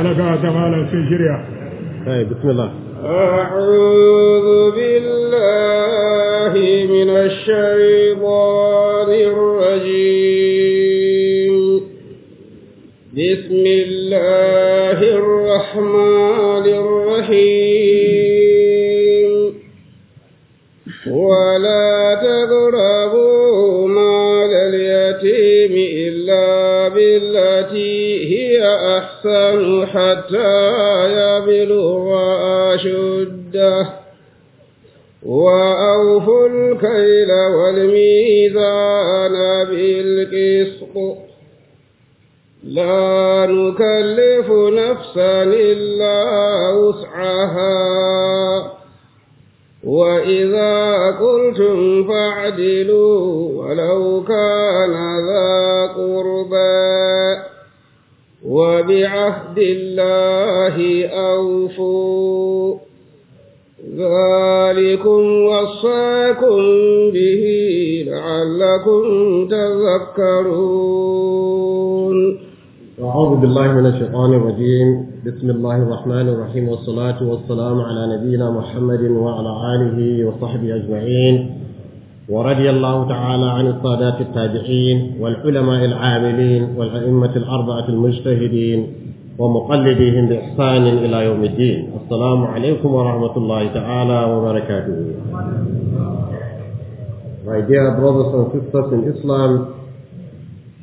على بعد مال الفجرية أي طيب، بسم الله أعوذ بالله من الشيطان الرجيم بسم الله الرحمن الرحيم ولا تضربوا مال اليتيم إلا بالتي هي أحسن حتى يبلغ أشده وأوفوا الكيل والميزان بالقسط لا نكلف نفسا إلا وسعها وإذا قلتم فاعدلوا ولو كان ذا قربى وبعهد الله أوفوا ذلكم وصاكم به لعلكم تذكرون أعوذ بالله من الشيطان الرجيم بسم الله الرحمن الرحيم والصلاة والسلام على نبينا محمد وعلى آله وصحبه أجمعين ورضي الله تعالى عن السادات التابعين والعلماء العاملين والأئمة الأربعة المجتهدين ومقلديهم بإحسان إلى يوم الدين السلام عليكم ورحمة الله تعالى وبركاته My dear brothers and sisters in Islam,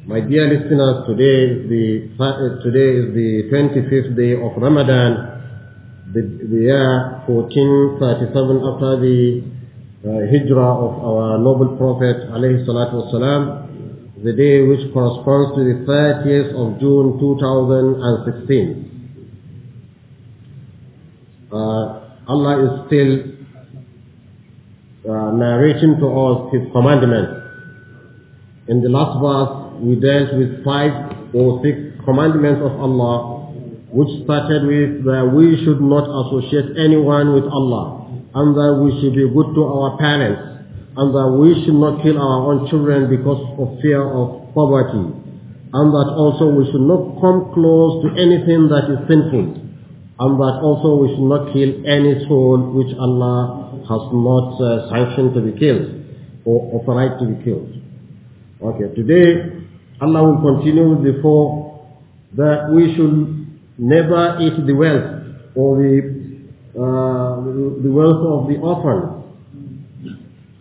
My dear listeners, today is the, uh, today is the 25th day of Ramadan, the, the year 1437 after the uh, hijrah of our noble prophet alayhi salatu wasalam, the day which corresponds to the 30th of June 2016. Uh, Allah is still uh, narrating to us His commandments. In the last verse, we dealt with five or six commandments of Allah, which started with that we should not associate anyone with Allah, and that we should be good to our parents, and that we should not kill our own children because of fear of poverty, and that also we should not come close to anything that is sinful and that also we should not kill any soul which Allah has not uh, sanctioned to be killed or authorized to be killed. Okay, today Allah will continue before that we should never eat the wealth or the uh, the wealth of the orphan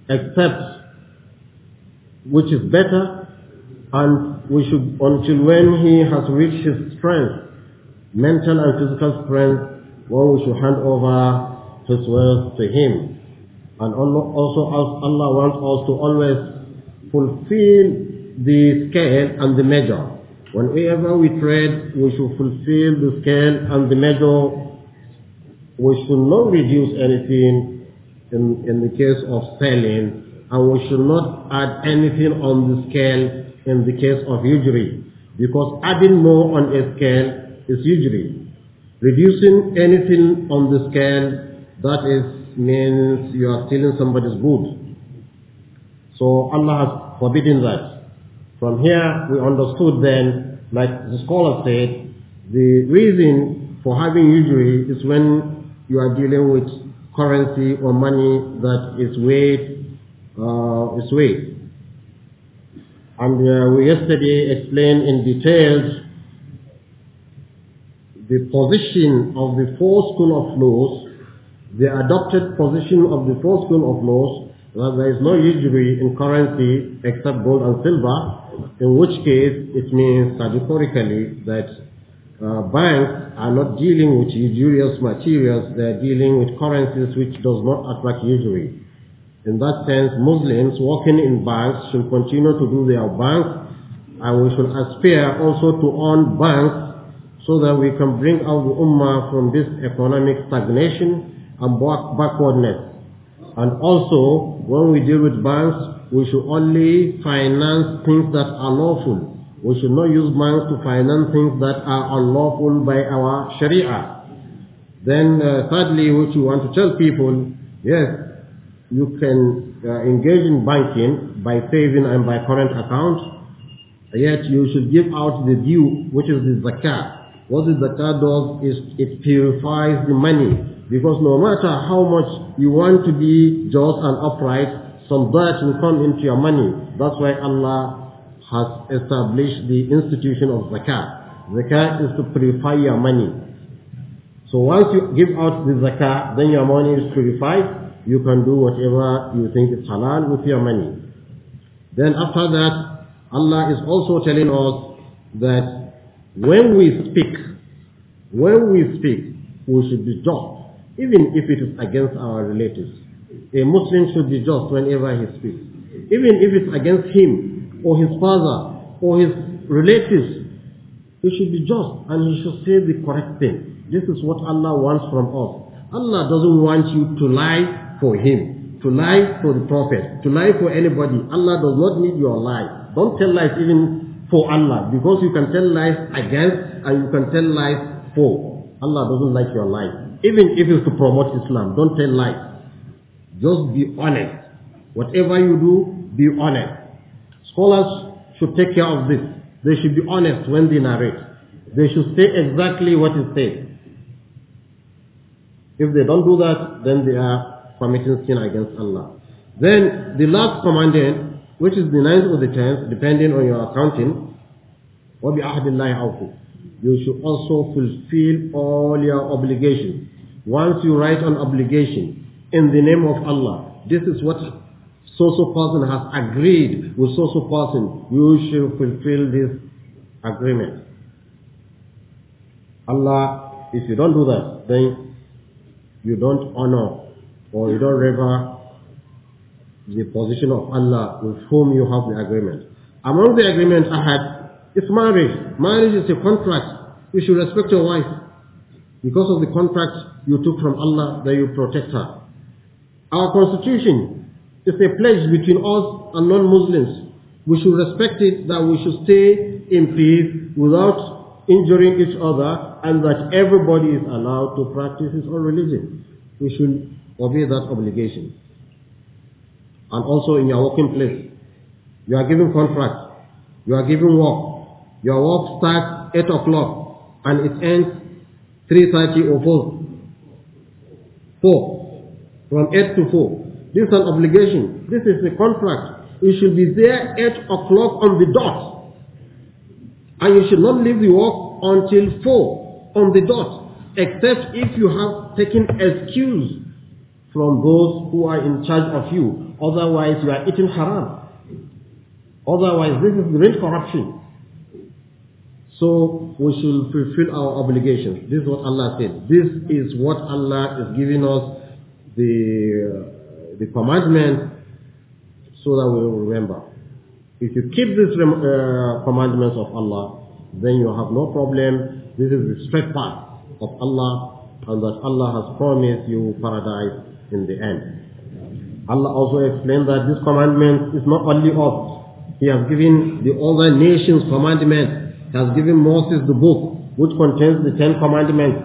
except which is better and we should until when he has reached his strength mental and physical strength one we should hand over his wealth to him and also Allah wants us to always fulfill the scale and the measure. Whenever we trade, we should fulfill the scale and the measure. We should not reduce anything in, in the case of selling, and we should not add anything on the scale in the case of usury, because adding more on a scale is usury. Reducing anything on the scale, that is means you are stealing somebody's good. So Allah has forbidden that. From here, we understood then, like the scholar said, the reason for having usury is when you are dealing with currency or money that is weighed, uh, is weighed. And uh, we yesterday explained in detail the position of the four school of laws, the adopted position of the four school of laws, that there is no usury in currency except gold and silver, in which case it means categorically that uh, banks are not dealing with usurious materials, they're dealing with currencies which does not attract usury. In that sense, Muslims working in banks should continue to do their banks and we should aspire also to own banks so that we can bring out the Ummah from this economic stagnation and backwardness. And also, when we deal with banks, we should only finance things that are lawful. We should not use banks to finance things that are unlawful by our Sharia. Then uh, thirdly, which we want to tell people, yes, you can uh, engage in banking by saving and by current account, yet you should give out the due, which is the zakat. What the zakat does is it purifies the money because no matter how much you want to be just and upright, some dirt will come into your money. That's why Allah has established the institution of zakah. Zakah is to purify your money. So once you give out the zakah, then your money is purified. You can do whatever you think is halal with your money. Then after that, Allah is also telling us that when we speak, when we speak, we should be just even if it is against our relatives. A Muslim should be just whenever he speaks. Even if it's against him, or his father, or his relatives, he should be just and he should say the correct thing. This is what Allah wants from us. Allah doesn't want you to lie for him, to lie for the Prophet, to lie for anybody. Allah does not need your lie. Don't tell lies even for Allah, because you can tell lies against and you can tell lies for. Allah doesn't like your lies. Even if it's to promote Islam, don't tell lies. Just be honest. Whatever you do, be honest. Scholars should take care of this. They should be honest when they narrate. They should say exactly what is said. If they don't do that, then they are committing sin against Allah. Then the last commandment, which is the ninth or the tenth, depending on your accounting, وَبِعَهْدِ اللَّهِ أَوْفُوا you should also fulfill all your obligations. Once you write an obligation in the name of Allah, this is what so-so person has agreed with so-so person, you should fulfill this agreement. Allah, if you don't do that, then you don't honor or you don't revere the position of Allah with whom you have the agreement. Among the agreements I had it's marriage. Marriage is a contract. You should respect your wife. Because of the contract you took from Allah that you protect her. Our constitution is a pledge between us and non-Muslims. We should respect it that we should stay in peace without injuring each other and that everybody is allowed to practice his own religion. We should obey that obligation. And also in your working place, you are given contract, you are given work, your work starts 8 o'clock and it ends 3.30 or 4. 4. From 8 to 4. This is an obligation. This is a contract. You should be there 8 o'clock on the dot. And you should not leave the work until 4 on the dot. Except if you have taken excuse from those who are in charge of you. Otherwise you are eating haram. Otherwise this is great corruption. So we should fulfill our obligations. This is what Allah said. This is what Allah is giving us the, uh, the commandment so that we will remember. If you keep these uh, commandments of Allah, then you have no problem. This is the straight path of Allah and that Allah has promised you paradise in the end. Allah also explained that this commandment is not only of He has given the other nations commandment has given Moses the book which contains the Ten Commandments,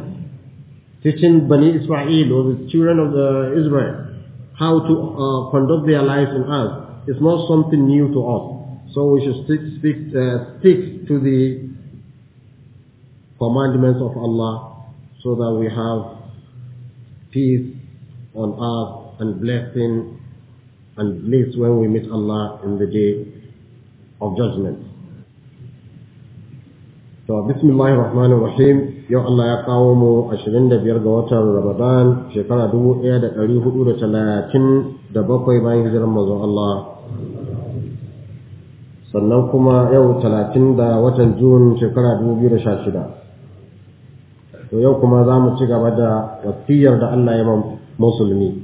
teaching Bani Israel or the children of the uh, Israel how to uh, conduct their lives on earth. It's not something new to us. So we should stick, speak, uh, stick to the commandments of Allah so that we have peace on earth and blessing and bliss when we meet Allah in the day of judgment. To bismillahir rahmanir rahim yau Allah ya kawo mu ashirin da biyar ga watan Ramadan shekara dubu ɗaya da da da hudu talatin bakwai bayan hijirar manzon Allah sannan kuma yau talatin da watan Jun shekara dubu biyu da sha shida, to yau kuma za mu ci gaba da wasiyar da Allah ya musulmi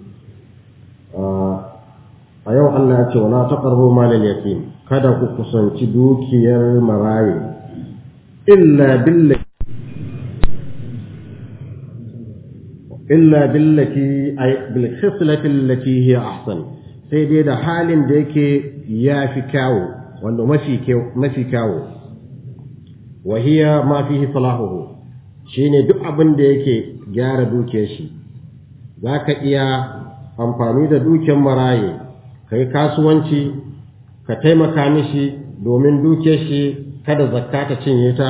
a yau Allah ya ce wala taqrabu malal yatim kada ku kusanci dukiyar maraye illa billati illa billati ay bil khislati sai dai da halin da yake yafi kawo wanda mafi mafi kawo wa hiya ma fihi salahuhu shine duk abin da yake gyara dukiyar shi zaka iya amfani da dukiyar maraye kai kasuwanci ka taimaka mishi domin dukiyar shi kada zakka ta cinye ta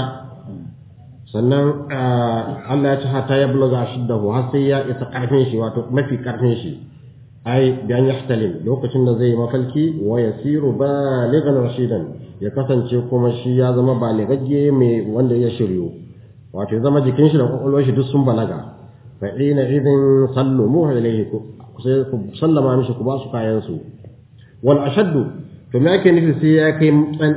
sannan Allah ya ci hata ya bulaga shiddahu har sai ya isa karfin shi wato mafi karfin shi ai bi an lokacin da zai mafalki wa yasiru balighan rashidan ya kasance kuma shi ya zama baligagge mai wanda ya shiryo wato ya zama jikin shi da kwakwalwar shi duk sun balaga fa ina idin sallu mu ilayhi ku sallama mishi ku ba su kayan su wal ashaddu to me ake nufi sai ya kai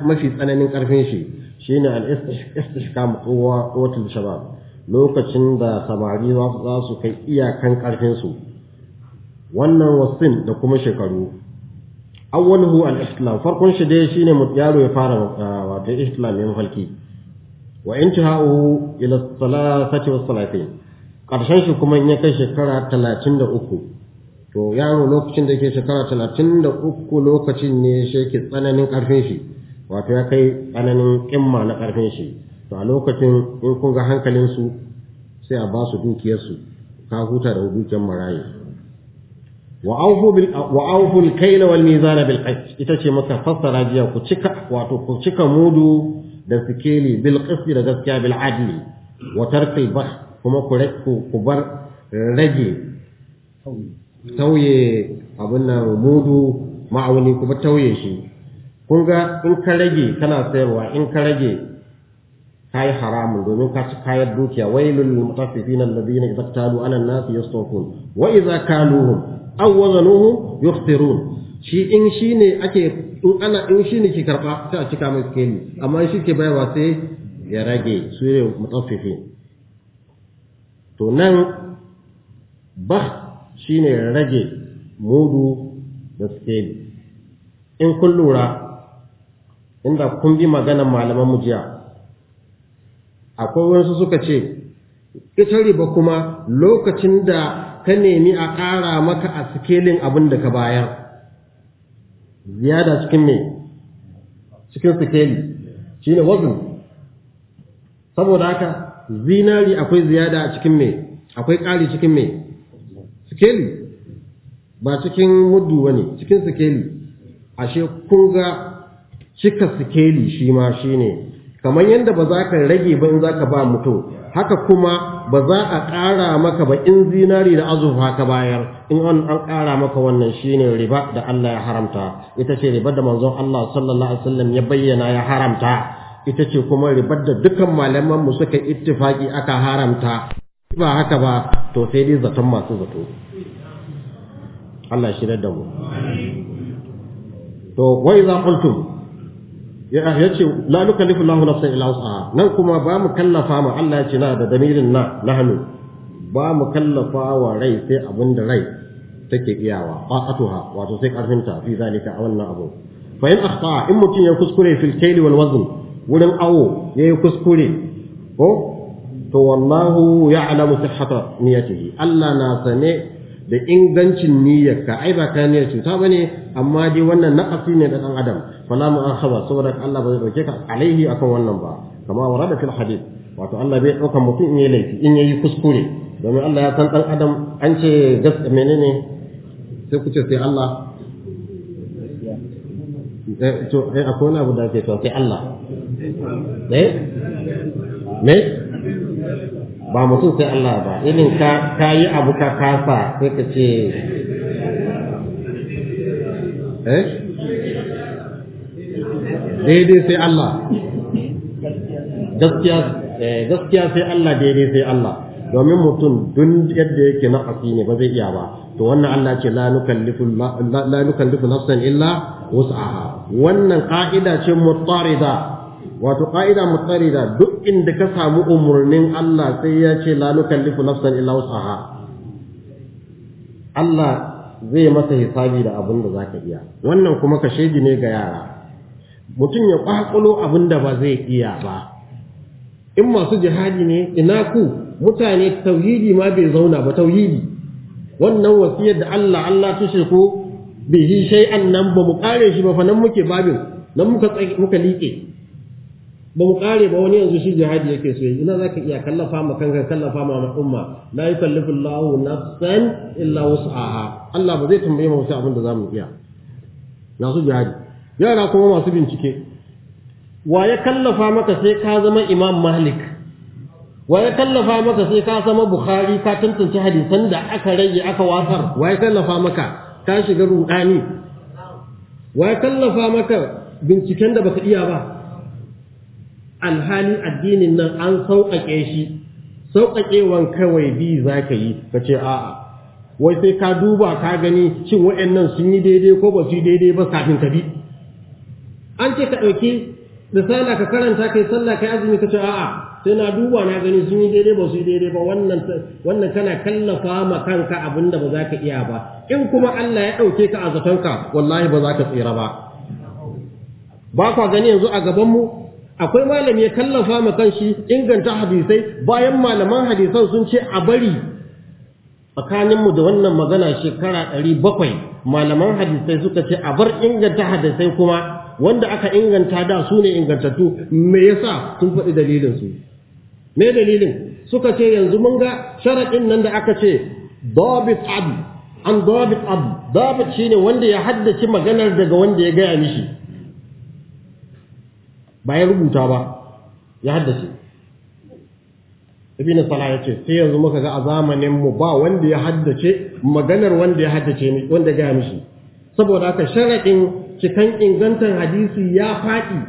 mafi tsananin karfin shi shine al-istihkam quwwa quwwatul shabab lokacin da samari za su kai iyakan karfin su wannan wasin da kuma shekaru awwaluhu al-islam farkon shi dai shine yaro ya fara ah, wato islam ne mafalki wa intihahu ila thalathati was salatin karshen shi kuma in ya kai shekara 33 to yaro lokacin da yake shekara talatin da uku lokacin ne shi ke tsananin ƙarfin shi wato ya kai tsananin ƙimma na ƙarfin shi to a lokacin in kun ga hankalinsu sai a ba su dukiyarsu ka huta da dukiyar maraye wa aufu bil kaila wal mizana bil qist ita ce maka fassara jiya ku cika wato ku cika mudu da sikeli bil qist da gaskiya bil adli wa tarkil bah kuma ku bar rage tauye abin nan mudu ma'auni kuma tauye shi kun ga in ka rage kana sayarwa in ka rage ka yi haramun domin ka ci kayan dukiya wailul da biyu na idza talu ala Wai nas yastawfun wa idza An aw wazanuhum yukhsirun shi in shine ake in ana in shine ke karba ta a cika mai skeli amma shi ke bayarwa sai ya rage su ne mutaffifin to nan ba shine rage mudu da skeli in kun lura inda kun bi maganan malaman mujiya akwai wasu suka ce ita riba kuma lokacin da ka nemi a ƙara maka a sikelin abin da ka bayar ziyada cikin mai cikin sikeli shi ne wazin saboda haka zinari akwai ziyada a cikin mai akwai ƙari cikin mai sikeli ba cikin mudu ba ne cikin sikeli ashe kun ga cika sikeli shi ma shi ne kamar yadda ba za ka rage ba in za ka ba mutum haka kuma ba za a ƙara maka ba in zinari da azurfa ka bayar in an ƙara maka wannan shi ne riba da Allah ya haramta ita ce riba da manzon Allah sallallahu alaihi wasallam ya bayyana ya haramta ita ce kuma ribar da dukkan malaman mu suka ittifaki aka haramta ba haka ba to sai dai zaton masu zato Allah shirar da mu to wai za qultum ya yace la nukallifu Allahu nafsan illa wus'aha nan kuma ba mu kallafa ma Allah yace na da damirin na nahnu ba mu kallafa wa rai sai abinda rai take iyawa qa'atuha wato sai karfin ta fi zalika a wannan abu fa in akhta in mutum ya kuskure fil kayl wal wazn wurin awo yayi kuskure ko to wallahu ya'lamu sihhata niyyatihi Allah na sane da ingancin niyyarka ai ba ka niyyar cuta bane amma dai wannan naqasi ne da dan adam fala mu'akhaba saboda Allah bai zai dauke ka alaihi akan wannan ba kama warada fil hadith wato Allah bai dauka mutum in yayi laifi in yayi kuskure domin Allah ya san dan adam an ce gaskiya menene sai ku ce sai Allah eh, to eh akwai wani abu da ake to sai Allah eh me ba mutum sai Allah ba irin ka ka yi abu ka kasa sai ka ce eh daidai sai Allah gaskiya eh, gaskiya sai Allah daidai sai Allah domin mutum dun yadda yake naqasi ne ba zai iya ba to wannan Allah ce la nukallifu la nukallifu nafsan illa wus'aha wannan qa'ida ce mutarida wato ƙa'ida da duk inda ka samu umarnin Allah sai ya ce la nukallifu nafsan illa wusaha Allah zai masa hisabi da abin da zaka iya wannan kuma ka shaidi ne ga yara mutum ya kwakulo abin da ba zai iya ba in masu jihadi ne ina ku mutane tauhidi ma bai zauna ba tauhidi wannan wasiyar da Allah Allah tushe ko bihi shay'an nan ba mu kare shi ba fa nan muke babin nan muka muka liƙe ba mu kare ba wani yanzu shi jihadi yake so ina zaka iya kallafa ma kanka kallafa ma umma la yukallifu Allahu nafsan illa wus'aha Allah ba zai tambaye mu wasu abin da zamu iya masu jihadi yara kuma masu bincike wa ya kallafa maka sai ka zama Imam Malik wa ya kallafa maka sai ka zama Bukhari ka tantance hadisan da aka rage aka wafar wa ya kallafa maka ka shiga rudani wa ya kallafa maka binciken da baka iya ba alhalin addinin nan an sauƙaƙe shi sauƙaƙewan kawai bi za ka yi ka ce a'a wai sai ka duba ka gani shin nan sun yi daidai ko ba su yi daidai ba kafin ka bi an ce ka ɗauki risala ka karanta kai sallah kai azumi ka ce a'a sai na duba na gani sun yi daidai ba su yi daidai ba wannan wannan kana kallafa ma kanka abin da ba za ka iya ba in kuma Allah ya ɗauke ka a ka wallahi ba za ka tsira ba ba kwa gani yanzu a gabanmu akwai malami ya kallafa ma kanshi inganta hadisai bayan malaman hadisan sun ce a bari tsakaninmu da wannan magana shekara ɗari bakwai malaman hadisai suka ce a bar inganta hadisai kuma wanda aka inganta da su ne ingantattu me yasa sun faɗi dalilin me dalilin suka ce yanzu mun ga sharaɗin nan da aka ce dabit abu an dabit abu dabit shine wanda ya haddace maganar daga wanda ya gaya mishi ba ya rubuta ba ya haddace ibn salah ya ce sai yanzu muka ga a zamanin mu ba wanda ya haddace maganar wanda ya haddace ne wanda ga mishi saboda haka sharadin cikan ingantan hadisi ya faɗi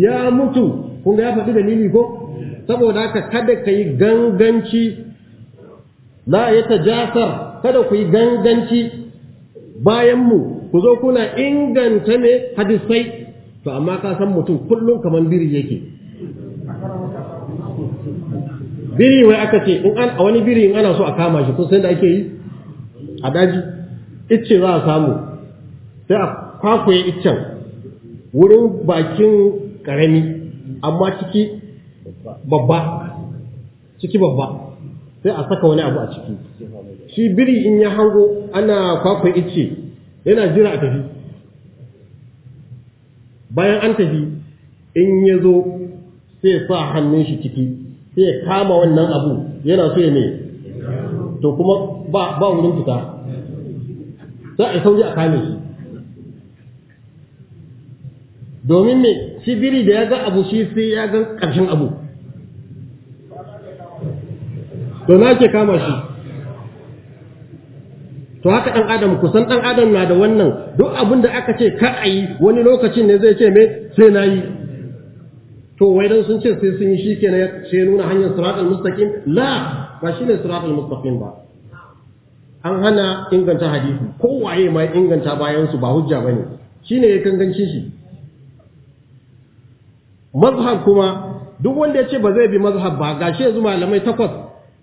ya mutu kun ga ya faɗi dalili ko saboda haka kada ka yi ganganci la ya tajasar kada ku yi ganganci bayan mu ku zo kuna inganta ne hadisai to amma ka san mutum kullum kamar biri yake biri wai aka ce in an a wani biri in ana so a kama shi kun san da ake yi a daji icce za a samu sai a kwakwaye iccen wurin bakin karami amma ciki babba ciki babba sai a saka wani abu a ciki shi biri in ya hango ana kwakwaye icce yana jira a tafi bayan an tafi in ya zo sai sa hannun shi ciki sai ya kama wannan abu yana so ya ne to kuma ba wurin fita za a sauri a kame shi domin me shi biri da ya ga abu shi sai ya ga ƙarshen abu to na ke kama shi to haka dan adam kusan dan adam na da wannan duk abin da aka ce kar a yi wani lokacin ne zai ce me sai na yi to wai dan sun ce sai sun yi shikenan ce nuna hanyar siratal mustaqim la ba shine siratal mustaqim ba an hana inganta hadisi waye ma inganta bayan su ba hujja bane shine ya kanganci shi mazhab kuma duk wanda ya ce ba zai bi mazhab ba gashi yanzu malamai takwas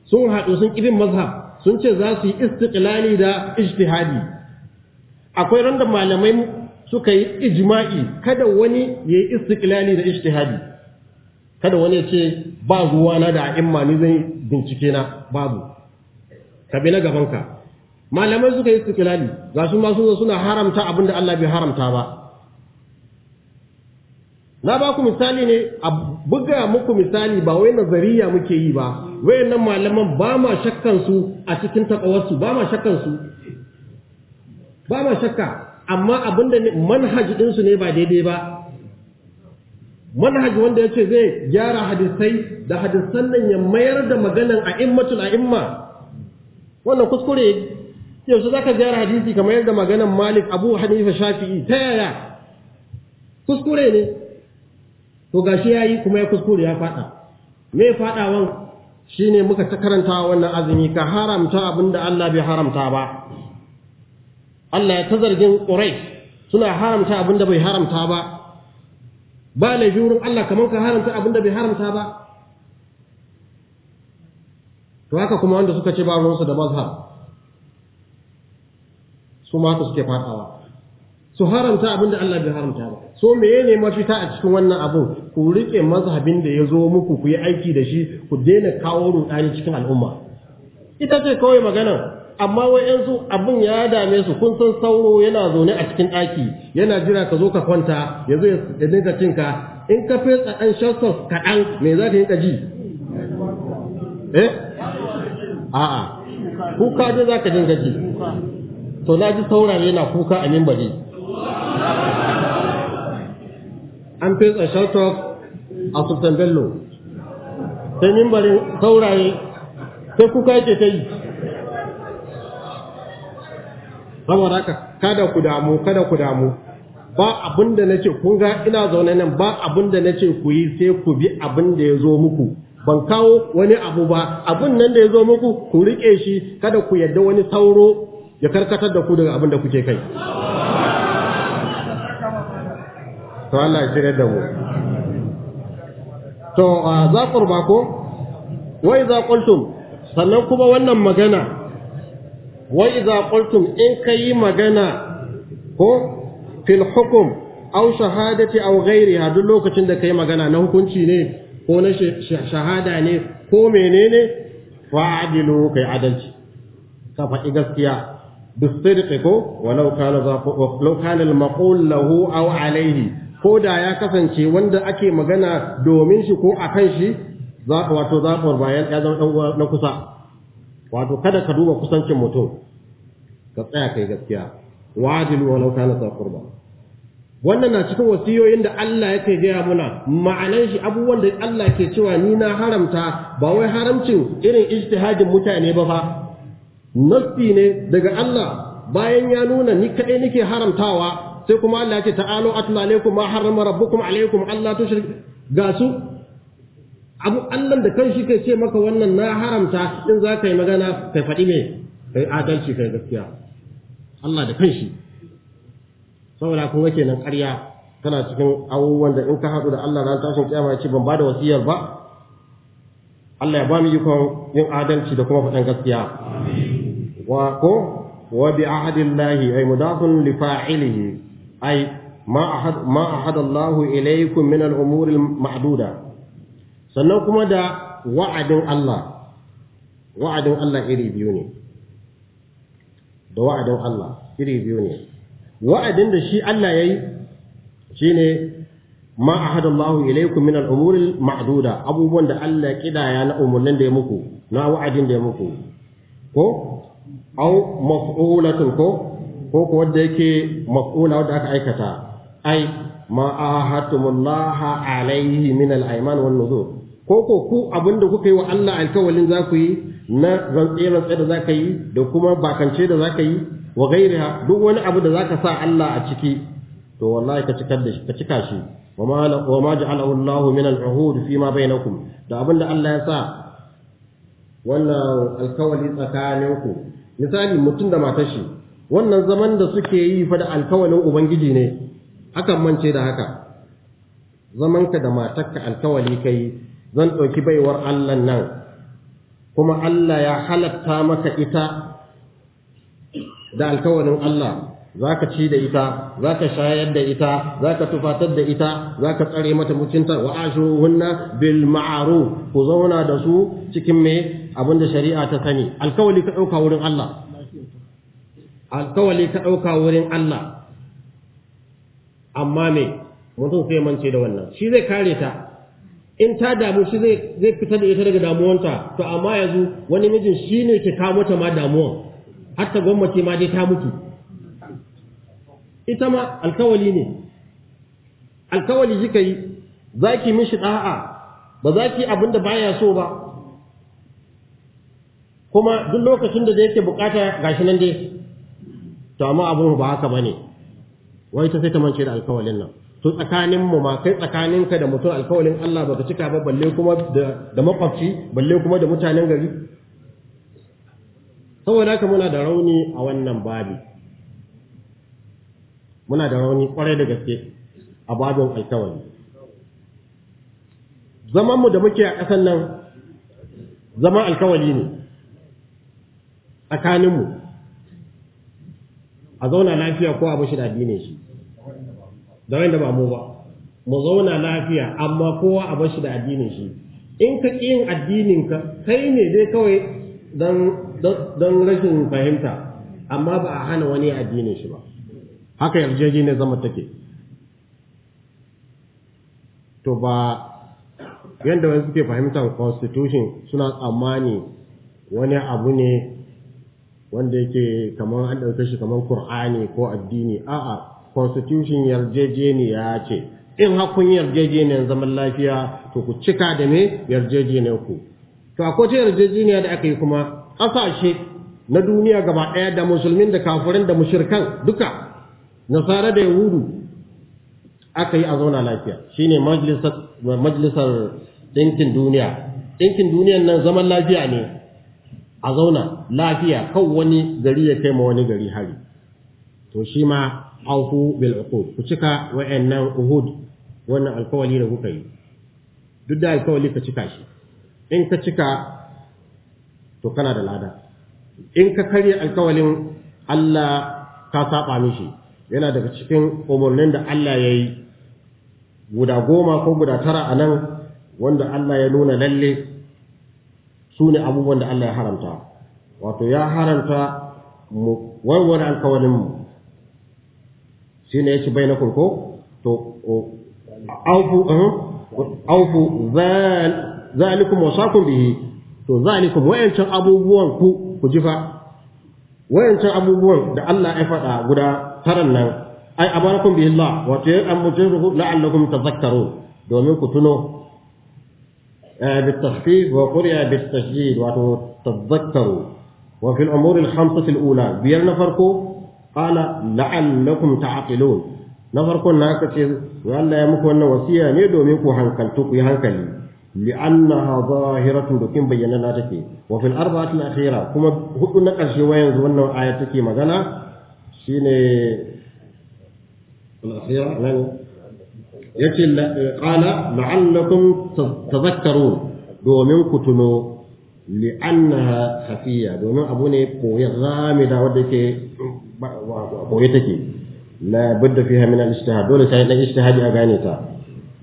sun haɗu sun kirin mazhab sun ce za su yi istiklali da ijtihadi akwai randa malamai suka yi ijma'i kada wani ya yi istiklali da ijtihadi kada wani ya ce ba ruwana da a'imma ni zai bincike na babu kabi na gabanka malamai suka yi istiklali ga su masu suna haramta abin da Allah bai haramta ba na ba ku misali ne a buga muku misali ba wai nazariya muke yi ba wai wayannan malaman ba ma shakkan su a cikin takawarsu ba ma shakkan su ba ma shakka amma abinda manhaji ɗinsu ne ba daidai ba manhaji wanda yace zai gyara hadisai da hadisan nan ya mayar da maganan a a'imma wannan kuskure yaushe zaka gyara hadisi kamar da maganan Malik Abu Hanifa Shafi'i ta yaya kuskure ne to gashi yayi kuma ya kuskure ya fada me fadawan shine muka ta karanta wannan azumi ka haramta abinda Allah bai haramta ba Allah ya ta zargin Quraysh suna haramta abinda bai haramta ba ba la wurin Allah kaman ka haramta abinda bai haramta ba to haka kuma wanda suka ce ba su da mazhab su ma su suke fadawa su haramta abinda Allah bai haramta ba so meye ne mafita a cikin wannan abu ku rike mazhabin da ya zo muku ku yi aiki da shi ku daina kawo rudani cikin al'umma ita ce kawai magana amma wayansu abin ya dame su kun san sauro yana zaune a cikin ɗaki yana jira ka zo ka kwanta ya zo ya dinga cinka in ka fesa ɗan shastos kaɗan me za ka yi ka ji eh a'a kuka ne za ka dinga ji to na ji saurare yana kuka a mimbari an fetsa sheltok a sultan bello sai mimbarin sauraye sai kuka yake ta yi saboda haka kada ku damu kada ku damu ba abin da ce, kun ina zaune nan ba abin da ce ku yi sai ku bi abinda da ya zo muku ban kawo wani abu ba abin nan da ya zo muku ku riƙe shi kada ku yadda wani sauro ya karkatar da ku daga abin da kuke kai to Allah ya da mu to za ba ko wa idza qultum sannan kuma wannan magana wa idza qultum in kai magana ko fil hukum aw shahadati aw ghairiha duk lokacin da kai magana na hukunci ne ko na shahada ne ko menene fa'dilu kai adalci ka faɗi gaskiya بالصدق ko walau kana za ko law maqul lahu aw alayhi ko da ya kasance wanda ake magana domin shi ko akan shi wato zafar bayan ya zama na kusa wato kada ka duba kusancin mutum ka tsaya kai gaskiya wajibi wa lauta na ba wannan na cikin wasiyoyin da Allah ya yake gaya muna ma'anan shi abubuwan da Allah ke cewa ni na haramta ba wai haramcin irin ijtihadin mutane ba fa nasti ne daga Allah bayan ya nuna ni kaɗai nake haramtawa sai kuma Allah ya ce ta'alu atlu alaikum ma harrama rabbukum alaikum Allah tushrik ga su abu Allah da kanshi kai ce maka wannan na haramta in za ka yi magana kai faɗi me kai adalci kai gaskiya Allah da kanshi saboda kuma kenan ƙarya tana cikin abubuwan da in ka haɗu da Allah ran tashin kiyama ce ban ba da wasiyar ba Allah ya ba mu ikon yin adalci da kuma faɗin gaskiya wa ko wa bi ahadillahi ay mudafun li fa'ilihi أي ما أحد ما أحد الله إليكم من الأمور المعدودة سنوكم دا وعد الله وعد الله إلي بيوني da wa'adin Allah iri biyu ne wa'adin da shi Allah yayi shine ma ahadallahu ilaykum min al-umur al-ma'duda abubuwan da Allah kidaya na umurnin da ya muku na wa'adin da ya muku ko au maf'ulatun ko ko ko wanda yake maf'ula wanda aka aikata ai ma ahadtumullaha alaihi min al-ayman wan nuzur ko ko ku abinda kuka yi wa Allah alkawalin za ku yi na rantsi rantsi da za ka yi da kuma bakance da za ka yi wa gairiha duk wani abu da za ka sa Allah a ciki to wallahi ka da shi ka cika shi wa ma wa ma ja'alahu min al-uhud fi ma bainakum da abinda Allah ya sa wannan alkawali tsakaninku misali mutum da matar shi wannan zaman da suke yi fa da alkawalin ubangiji ne akan mance da haka zamanka da matarka alkawali kai zan ɗauki baiwar Allah nan kuma Allah ya halatta maka ita da alkawalin Allah za ka ci da ita za ka shayar da ita za ka tufatar da ita za ka tsare mata mutunta wa ashuhunna bil ma'ruf ku zauna da su cikin me da shari'a ta sani alkawali ka ɗauka wurin Allah alkawali ka ɗauka wurin Allah amma me mutum sai mance da wannan shi zai kare ta in ta damu shi zai fitar da ita daga damuwanta to amma yanzu wani mijin shi ne ke kawo mata ma damuwan har ta gwammace ma dai ta mutu ita ma alkawali ne alkawali kika yi za ki mishi ɗa'a ba za ki abin da baya so ba kuma duk lokacin da yake bukata gashi nan dai to amma abun ba haka bane wai ta sai ta mance da alkawalin nan to tsakanin mu ma kai tsakaninka da mutum alkawalin Allah baka cika ba balle kuma da da makwabci balle kuma da mutanen gari saboda haka muna da rauni a wannan babi muna da rauni kwarai da gaske a babin alkawali zamanmu da muke a ƙasan nan zama alkawali ne tsakaninmu a zauna lafiya ko a shi da addinin shi da wanda ba mu ba mu zauna lafiya amma kowa a shi da addinin shi in ka ƙi yin addinin ka kai ne dai kawai don rashin fahimta amma ba a hana wani addinin shi ba haka yarjejeniyar zama take to ba yadda wani suke fahimtar constitution suna tsammani wani abu ne wanda yake kamar an ɗauke shi kamar Kur'ani ko addini a'a constitution yarjejeniya ce in hakun yarjejeniyar zaman lafiya to ku cika da me yarjejeniyar ku to akwai ta yarjejeniya da aka yi kuma ƙasashe na duniya gaba ɗaya da musulmin da kafirin da mushirkan duka nasara da yahudu aka yi a zauna lafiya shine majalisar majalisar ɗinkin duniya ɗinkin duniyan nan zaman lafiya ne a zauna lafiya kan wani gari ya kai ma wani gari hari to shi ma auku bil uqud ku cika wa'annan uhud wannan alkawali da kuka yi duk da alkawali ka cika shi in ka cika to kana da lada in ka karya alkawalin Allah ka saba mishi yana daga cikin umarnin da Allah ya yi guda goma ko guda tara a nan wanda Allah ya nuna lalle su ne abubuwan da Allah ya haramta wato ya haramta mu warware alkawalin mu shi ne ya ci bai na kurko to aufu eh, aufu zalikum wasakun bihi to zalikum wayancan abubuwan ku ku jifa wayancan abubuwan da Allah ya faɗa guda taran nan ai abarakum bihi Allah wato an mutu la'allakum tadhakkarun domin ku tuno آه، بالتخفيف وقرئ بالتشديد وتتذكروا وفي الأمور الخمسة الأولى بيال نفركو قال لعلكم تعقلون نفركو ناكتش وألا يمكن وسيا نيدو منكو هنكلتوكو هنكلي لأنها ظاهرة لكن بينا تكي وفي الأربعة الأخيرة كما هدو نقل شوين زوانا آياتكي مغانا شيني الأخيرة نعم yace qala la'allakum tadhakkarun domin ku tuno li'annaha hafiya. domin abu ne koyi ghamida wanda ke koyi take la budda fiha min al-ijtihad dole sai dan ijtihadi a gane ta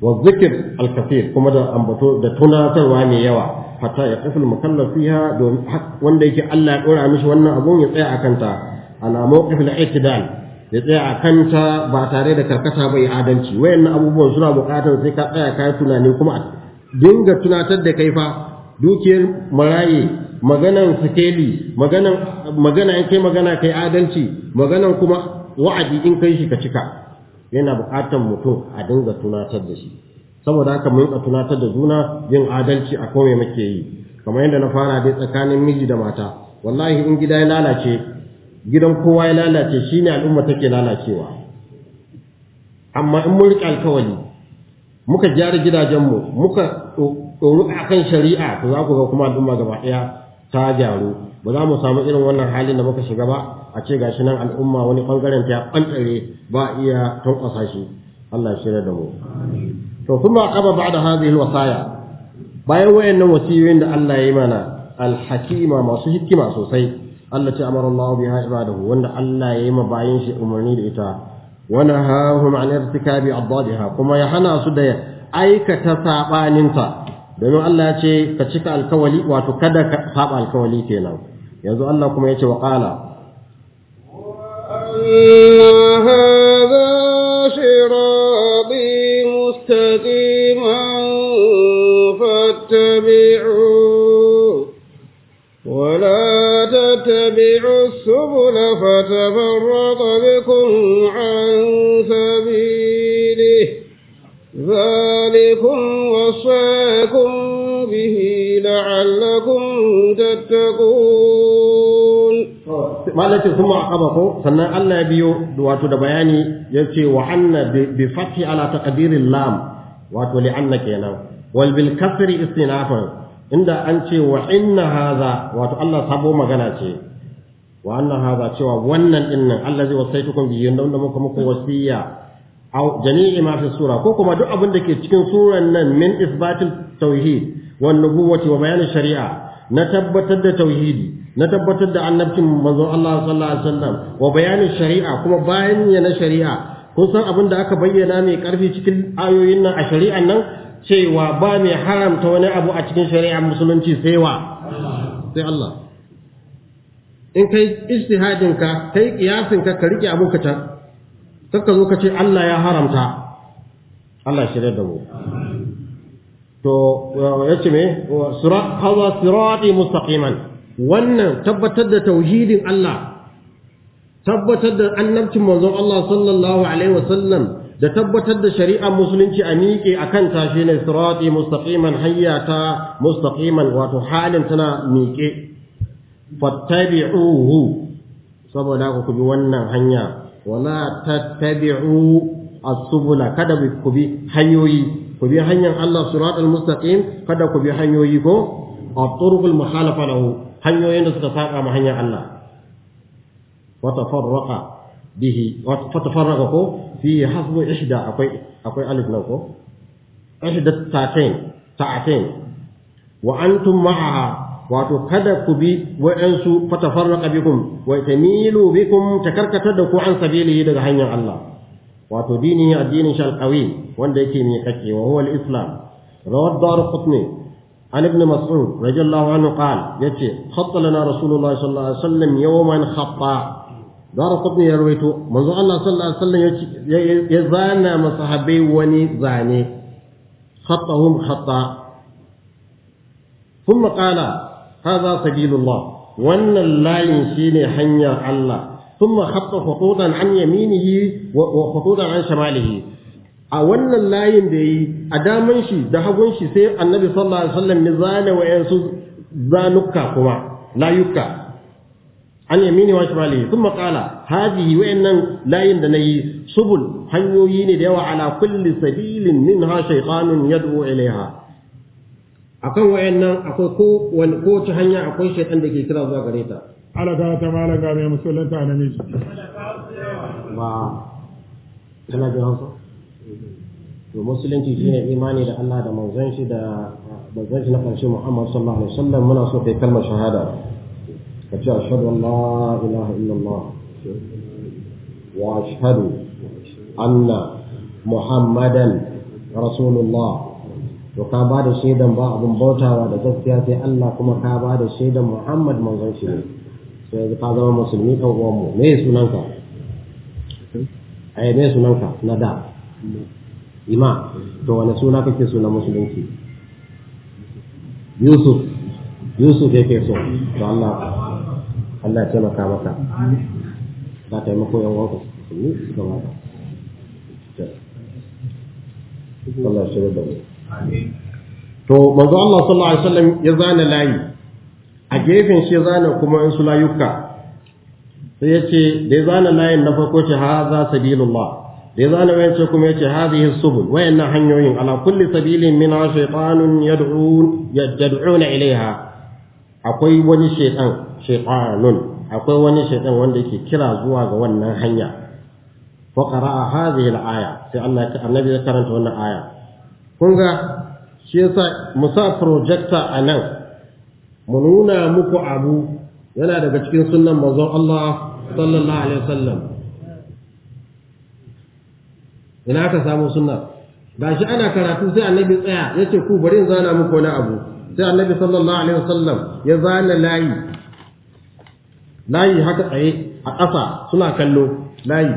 wa zikr al-kathir kuma da ambato da tunatarwa mai yawa hatta ya qasul mukallaf fiha domin wanda yake Allah ya dora mishi wannan abun ya tsaya akan ta ala mawqif al-i'tidal ya tsaya a kanta ba tare da karkata bai adalci wayan abubuwan suna bukatar sai ka tsaya ka tunani kuma a dinga tunatar da kai fa dukiyar maraye maganan sikeli magana in magana kai adalci maganan kuma wa'adi in kai shi ka cika yana bukatar mutum a dinga tunatar da shi saboda haka mun ka tunatar da juna yin adalci a kome muke yi kamar yadda na fara dai tsakanin miji da mata wallahi in gida ya lalace gidan kowa ya lalace shi ne al'umma take lalacewa amma in mun riƙe alkawali muka gyara gidajenmu muka tsoro a kan shari'a to za ku ga kuma al'umma gaba ɗaya ta gyaru ba za mu samu irin wannan halin da muka shiga ba a ce gashi nan al'umma wani ɓangaren ta ɓantare ba iya tunƙasa shi Allah shirya da mu to ƙaba ba da hadhihi wasaya bayan wayannan wasiyoyin da Allah ya yi mana alhakima masu hikima sosai التي أمر الله بها عباده وأن ألا يما باين شيء أمرني بإتاء ونهاهم عن ارتكاب أضادها قم يحنى صدية أيك تسعب أن انت بأنه ألا يأتي فتشك الكولي وتكدك صعب الكولي كينا يزو ألا قم يأتي وقال وأن هذا شرابي مستقيما فاتبعوا ولا تتبعوا السبل فتفرق بكم عن سبيله ذلكم وصاكم به لعلكم تتقون malace kuma akaba ko sannan Allah ya biyo wato da bayani yace wa anna bi fathi ala taqdiril lam wato kenan wal bil istinafan inda an ce wa inna haza wato Allah sabo magana ce wa anna haza cewa wannan dinnan Allah zai wasaitukum bi yanda da muka muku wasiya aw jami'i ma fi sura ko kuma duk abin da ke cikin suran nan min isbatil tauhid wan nubuwati wa bayan shari'a na tabbatar da tauhidi na tabbatar da annabcin manzo Allah sallallahu alaihi wasallam wa bayanin shari'a kuma bayan na shari'a kun san abin da aka bayyana mai karfi cikin ayoyin nan a shari'an nan cewa ba mai haramta wani abu a cikin shari'ar musulunci sai wa? sai Allah in kai ijtihadinka kai kiyasinka ka rike abun ka can ka zo ka ce Allah ya haramta Allah shirya da mu to yace me sirat hawa sirati mustaqiman wannan tabbatar da tauhidin Allah tabbatar da annabcin manzon Allah sallallahu alaihi wasallam da tabbatar da shari'ar musulunci a miƙe a kan tashi ne sirati mustaqiman hayya ta mustaqiman wato halin tana miƙe fattabi'uhu saboda ku bi wannan hanya wala tattabi'u as-subula kada ku bi hanyoyi ku bi hanyar Allah siratal mustaqim kada ku bi hanyoyi ko at-turuqul mukhalafa lahu hanyoyin da suka saka ma hanyar Allah wa tafarraqa bihi wa tafarraqa ko fi hasbu ihda akwai akwai alif nan ko ihda ta'atain ta'atain wa antum ma'aha wato kada ku bi wa'ansu fatafarraqa bikum wa tamilu bikum takarkata da ku an sabili daga hanyar Allah wato dini addinin shal qawi wanda yake mai kake wa huwa al-islam rawad dar qutni an ibn mas'ud radiyallahu anhu qala yace khatta lana rasulullah sallallahu alaihi wasallam yawman khatta dara sabni ya rawaito manzo Allah sallallahu alaihi wasallam ya zana masahabai wani zane khatahum khata ثم قال هذا سبيل الله وان اللاين شيني حنيا الله ثم خط خطوطا عن يمينه وخطوطا عن شماله a wannan layin da yi a daman shi da hagun shi sai annabi sallallahu alaihi wasallam ya zana wayansu zanukka kuma layuka an yamini wa shimali thumma qala hadhihi wa'annan layin da na yi subul hanyoyi ne da yawa ala kulli sabilin minha shaytanun yad'u ilaiha akan wa'annan akwai ko wani ko ta hanya akwai shaytan da ke kira zuwa gare ta ala ta ta mala ga mai musulunta na miji ba kana da hausa to musulunci shine imani da Allah da manzon shi da manzon shi na karshe Muhammad sallallahu alaihi wasallam muna so kai kalmar shahada ka ce ashadu Allah ilaha illallah wa ashadu anna muhammadan rasulullah to ka ba da shaidan ba abin bautawa da gaskiya sai Allah kuma ka ba da shaidan Muhammad manzon shi ne sai ka zama musulmi kan mu: me sunanka ai me sunanka na da ima to wani suna kake so musulunci Yusuf Yusuf yake so to Allah Allah ya taimaka maka ba taimako yan wanka su yi su kama ba Allah ya shirya da mu to manzo Allah sallallahu alaihi wasallam ya zana layi a gefen shi zana kuma in su layuka sai ya ce da ya zana layin na farko ce ha za sabilullah da ya zana wayance kuma ya ce yi subul wayannan hanyoyin ala kulli sabilin min shaitanun yadda'una yad'una ilaiha akwai wani shaitan shaytanun akwai wani shaytan wanda yake kira zuwa ga wannan hanya fa qara'a hadhihi al-aya sai Allah ta annabi ya karanta wannan aya kun ga shi yasa musa projector anan mu nuna muku abu yana daga cikin sunnan manzon Allah sallallahu alaihi wasallam ina ka samu sunna ba shi ana karatu sai annabi tsaya yace ku bari in zana muku wani abu sai annabi sallallahu alaihi wasallam ya zana layi layi haka tsaye a ƙasa suna kallo layi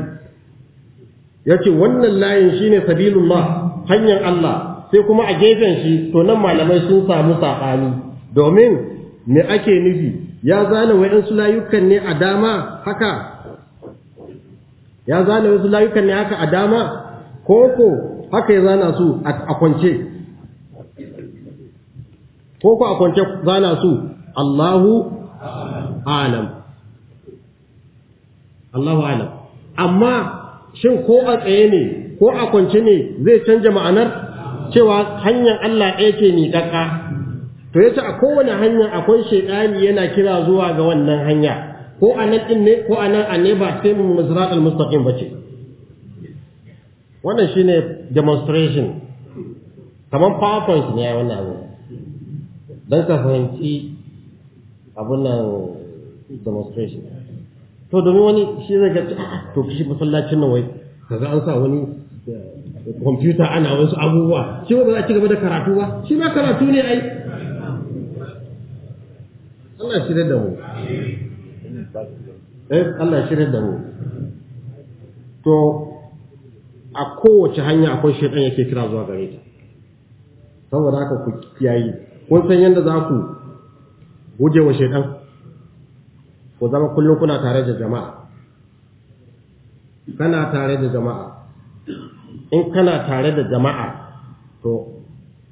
yace wannan layin shine sabilullah hanyar Allah sai kuma a gefen shi to nan malamai sun samu saɓani. domin me ake nufi ya zana wayansu layukan ne a dama haka ya zana wasu layukan ne haka a dama koko haka ya zana su a kwance koko a kwance zana su Allahu alam Allahu alam amma shin ko a tsaye ne ko a kwance ne zai canja ma'anar cewa hanyar Allah ɗaya ce ni daka to yace a kowane hanya akwai shaidani yana kira zuwa ga wannan hanya ko a nan din ne ko a nan ba sai mu musratul mustaqim bace wannan shine demonstration kamar powerpoint ne wannan abu dan ka fahimci abun nan demonstration to domin wani shi zai ga to kishi masallacin nan wai kaga an sa wani eh, computer ana wasu abubuwa shi ba za a ci gaba da karatu ba shi ma karatu ne ai Allah shirya da mu eh Allah shirya da mu to a kowace hanya akwai shaitan yake kira zuwa gare ta saboda haka ku kiyaye kun san yadda za ku guje wa shaitan ku zama kullum kuna tare da jama'a kana tare da jama'a in kana tare da jama'a to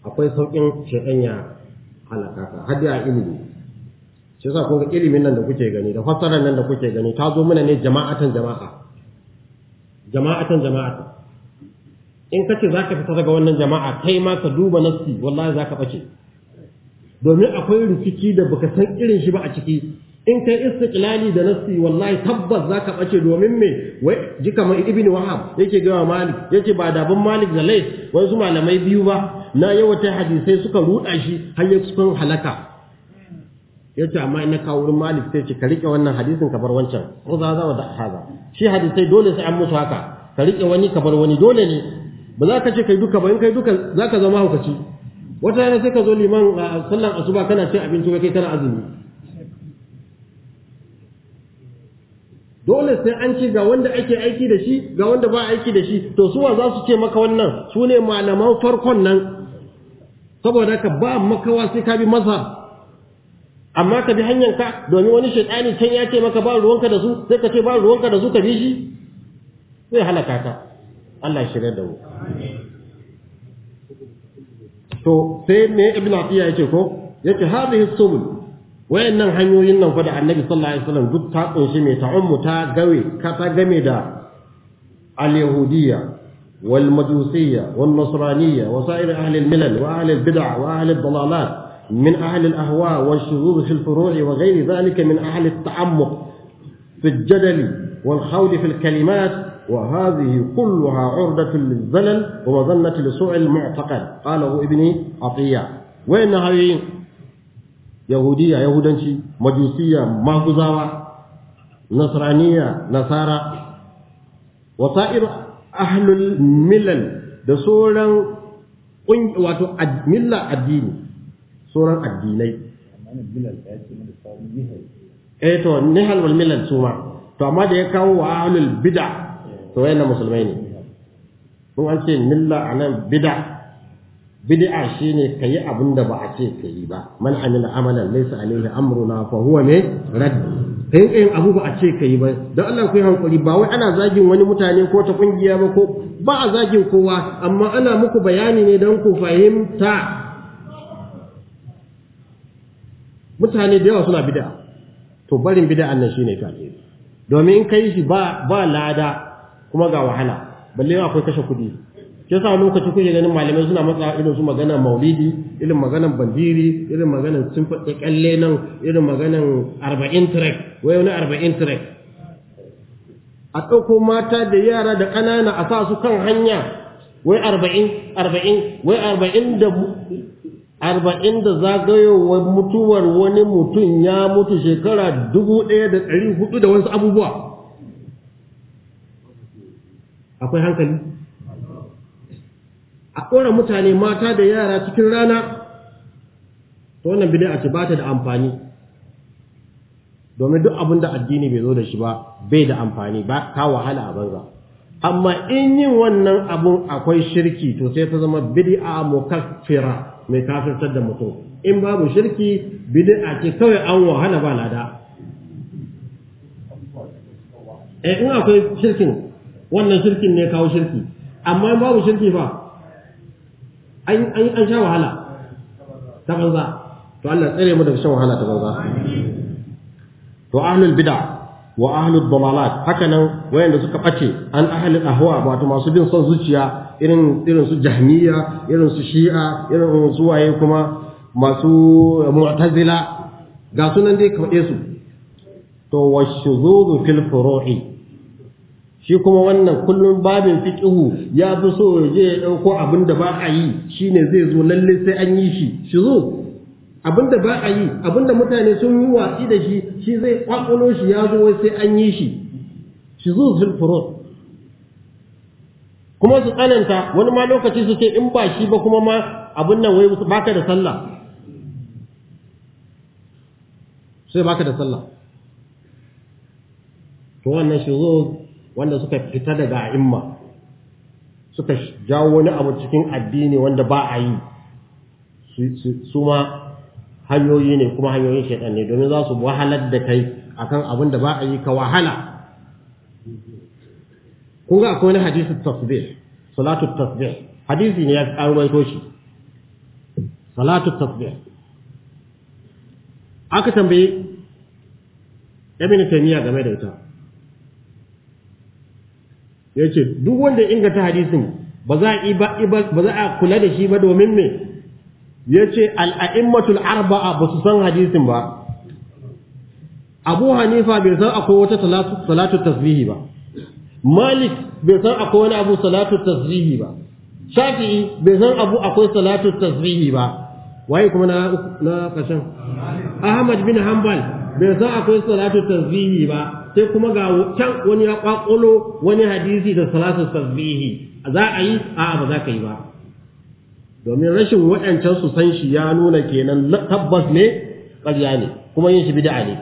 akwai saukin shekanya halaka ka hadi a ilimi shi yasa kun ga ilimin nan da kuke gani da fassarar nan da kuke gani ta zo mana ne jama'atan jama'a jama'atan jama'atan in kace zaka fita daga wannan jama'a kai ma ka duba nafsi wallahi zaka bace domin akwai rikici da baka san irin shi ba a ciki in kai istiqlali da nafsi wallahi tabbas zaka bace domin me wai ji kamar ibn wahab yake ga malik yake ba da ban malik da lais wasu malamai biyu ba na ta hadisai suka ruda shi har ya sukan halaka yace amma ina kawo wurin malik sai ce ka rike wannan hadisin ka bar wancan ko za za da haza shi hadisai dole sai an musu haka ka rike wani ka bar wani dole ne ba za ka ce kai duka ba in kai duka za ka zama haukaci wata rana sai ka zo liman a sallan asuba kana cin abinci kai kana azumi dole sai an ci ga wanda ake aiki da shi ga wanda ba aiki da shi to suwa za su ce maka wannan su ne malaman farkon nan saboda ka ba makawa sai ka bi masa amma ka bi hanyanka domin wani shaitani can ya ce maka ba ruwanka da su sai ka ce ba ruwanka da su ka bi shi sai halaka ka Allah shirya da mu to sai me ibn ya yake ko yake hadhihi subul wayannan hanyoyin nan fa da annabi sallallahu alaihi wasallam duk ta kunshi mai ta'ummu ta gawe ka ta game da al-yahudiyya wal majusiyya wal nasraniyya wa sa'ir ahli al-milal wa ahli al-bid'ah wa ahli al-dalalat min ahli al-ahwa wa ash-shurur fi al-furu' wa ghayri dhalika min ahli at-ta'ammuq fi al-jadal wal khawd fi al-kalimat وهذه كلها عرضة للزلل ومظنة لسوء المعتقد قاله ابن عطية وإن هذه yahudiya yahudanci majusiya maguzawa nasraniya nasara wasa'ir ahlul milal da sauran wato milla addini sauran addinai eh to nihal wal milal suma to amma da ya kawo wa ahlul bid'a to wayannan musulmai ne kun an ce milla anan bid'a bid'a shine kayi abin da ba a ce kayi ba man amila amalan laysa alayhi amruna fa huwa ne radd kai kai abu ba a ce kayi ba dan Allah ku yi ba wai ana zagin wani mutane ko ta kungiya ba ko ba a zagin kowa amma ana muku bayani ne dan ku fahimta mutane da yawa suna bid'a to barin bid'an nan shine ce domin kai shi ba ba lada kuma ga wahala balle akwai kashe kuɗi ke sa lokaci kuke ganin malamai suna matsa irin su magana maulidi irin maganan bandiri irin maganan sun faɗi kalle nan irin maganan arba'in track wai wani arba'in track a ɗauko mata da yara da ƙanana a sa su kan hanya wai arba'in arba'in wai arba'in da arba'in da zagayowar mutuwar wani mutum ya mutu shekara dubu ɗaya da ɗari hudu da wasu abubuwa akwai hankali a kora mutane mata da yara cikin rana to wannan bid'a ce ba ta da amfani domin duk abin da addini bai zo da shi ba bai da amfani ba ta wahala a banza amma in yin wannan abun akwai shirki to sai ta zama bid'a mukaffira mai kafirtar da mutum in babu shirki bid'a ce kawai an wahala ba lada eh in akwai shirkin wannan shirkin ne kawo shirki amma in babu shirki ba an sha wahala ta banza to Allah tsare mu daga shan wahala ta banza to ahlul bid'a wa ahlul dalalat haka nan wayanda suka bace an ahlul ahwa wato masu bin son zuciya irin irin su jahmiya irin su shi'a irin su waye kuma masu mu'tazila ga sunan dai kamar su to washuzuzu fil furu'i shi kuma wannan kullum babin fiqihu ya fi so ya je ya dauko abin da ba a yi shine zai zo lalle sai an yi shi shi zo abin da ba a yi abin da mutane sun yi watsi da shi shi zai kwakwalo shi ya zo wai sai an yi shi shi zo zulfuro kuma su tsananta wani ma lokaci su ce in ba shi ba kuma ma abin nan wai baka da sallah sai baka da sallah to wannan shi zo wanda suka fita daga a'imma suka jawo wani abu cikin addini wanda ba a yi su ma hanyoyi ne kuma hanyoyin shaitan ne domin za su wahalar da kai akan abin da ba a yi ka wahala kun ga akwai wani hadisi tasbih salatu tasbih hadisi ne ya fi karwaito shi salatu tasbih aka tambayi ibn taymiya game da ita Ya ce duk wanda ta hadisin ba za a ba za a kula da shi ba domin me Ya ce al’a’immatul arba'a ba su san hadisin ba Abu Hanifa bai san akwai wata salatu tasbihi ba Malik bai san akwai wani abu salatu tasbihi ba Shafi'i bai san abu akwai salatu tasbihi ba waye kuma na na kashin Ahmad bin Hanbal bai san akwai salatu tasbihi ba sai kuma ga can wani ya kwakulo wani hadisi da salatu tasbihi za a yi a ba za ka yi ba domin rashin waɗancan su san shi ya nuna kenan tabbas ne ƙarya ne kuma yin shi bid'a ne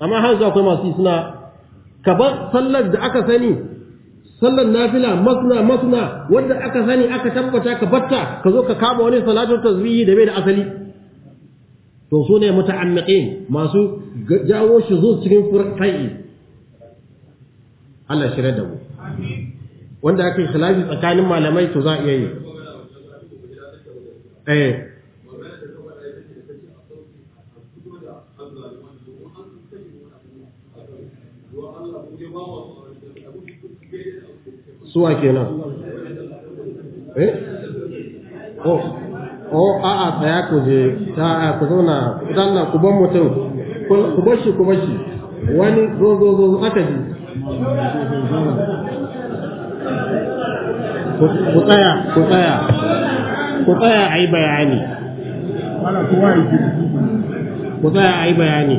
amma har akwai masu suna ka bar sallar da aka sani sallar nafila masna masna wanda aka sani aka tabbata ka batta ka zo ka kama wani salatu tasbihi da bai da asali to su ne muta'ammiqin masu jawo shi zuwa cikin furqai Allah shirya da mu wanda aka yi khilafi tsakanin malamai to za a iya yi eh suwa kenan eh oh o a'a tsaya ku je ta ku zauna ku danna ku ban mutum ku bashi shi ku bashi, shi wani zo zo zo aka ji ku tsaya ku tsaya ku tsaya a yi bayani ku tsaya a yi bayani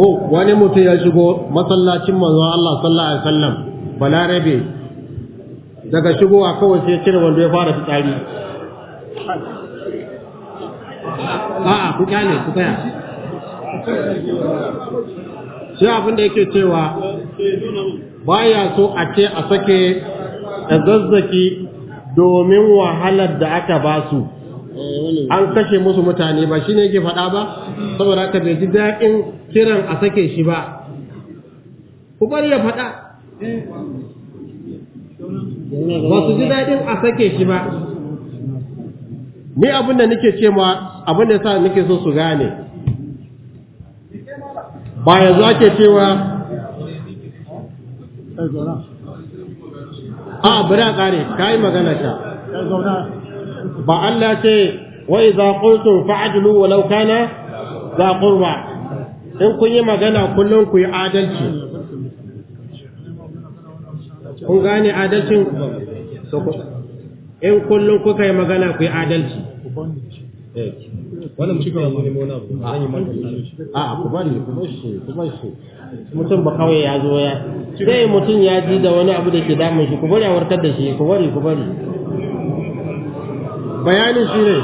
ko wani mutum ya shigo masallacin manzon Allah sallallahu alaihi wasallam balarabe daga shigowa kawai sai cire wanda ya fara fitsari a'a ku kyale ku tsaya sai abin da yake cewa baya so a ce a sake zazzaki domin wahalar da aka ba su an kashe musu mutane ba shine yake faɗa ba saboda aka bai ji daɗin kiran a sake shi ba ku bari ya faɗa ba su ji daɗin a sake shi ba ni abin da nake ce ma abin da sa nake so su gane ba yanzu ake cewa a bari a ƙare ka yi magana ta ba Allah ce wai za ƙultun fa'adilu walau kana za ƙurba in kun yi magana kullum ku yi adalci kun gane adalcin in kullum kuka yi magana ku yi adalci wannan cikin yanzu ne mona abu zan yi a ku bari ku bar shi ku bar shi mutum ba kawai ya zo ya Zai mutum ya ji da wani abu da ke damun shi ku bari a warkar da shi ku bari ku bari bayanin shi ne